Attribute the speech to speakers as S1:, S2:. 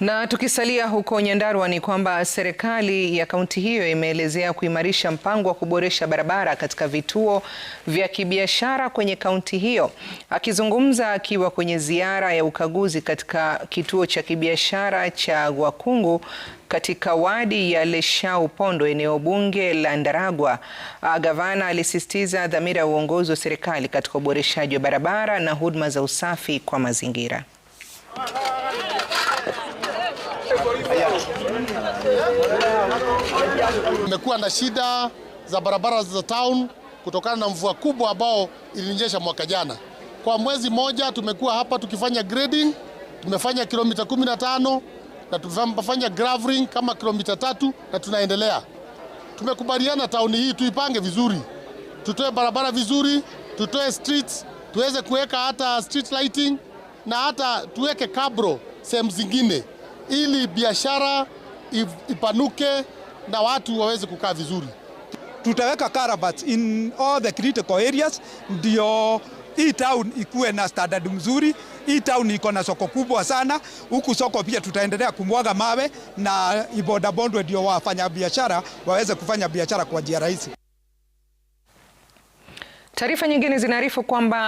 S1: Na tukisalia huko Nyandarua ni kwamba serikali ya kaunti hiyo imeelezea kuimarisha mpango wa kuboresha barabara katika vituo vya kibiashara kwenye kaunti hiyo. Akizungumza akiwa kwenye ziara ya ukaguzi katika kituo cha kibiashara cha Gwakungu katika wadi ya Leshau Pondo, eneo bunge la Ndaragwa, gavana alisisitiza dhamira ya uongozi wa serikali katika uboreshaji wa barabara na huduma za usafi kwa mazingira.
S2: Tumekuwa na shida za barabara za town kutokana na mvua kubwa ambao ilinyesha mwaka jana. Kwa mwezi moja tumekuwa hapa tukifanya grading, tumefanya kilomita 15 na tumefanya graveling kama kilomita tatu na tunaendelea. Tumekubaliana tauni hii tuipange vizuri, tutoe barabara vizuri, tutoe streets, tuweze kuweka hata street lighting na hata tuweke kabro sehemu zingine ili biashara ipanuke na watu waweze kukaa vizuri.
S3: Tutaweka karabats in all the critical areas, ndio hii town ikuwe na standard mzuri. Hii town iko na soko kubwa sana. Huku soko pia tutaendelea kumwaga mawe na ibodabondwe, ndio wafanya biashara waweze kufanya biashara kwa njia rahisi. Taarifa nyingine zinaarifu kwamba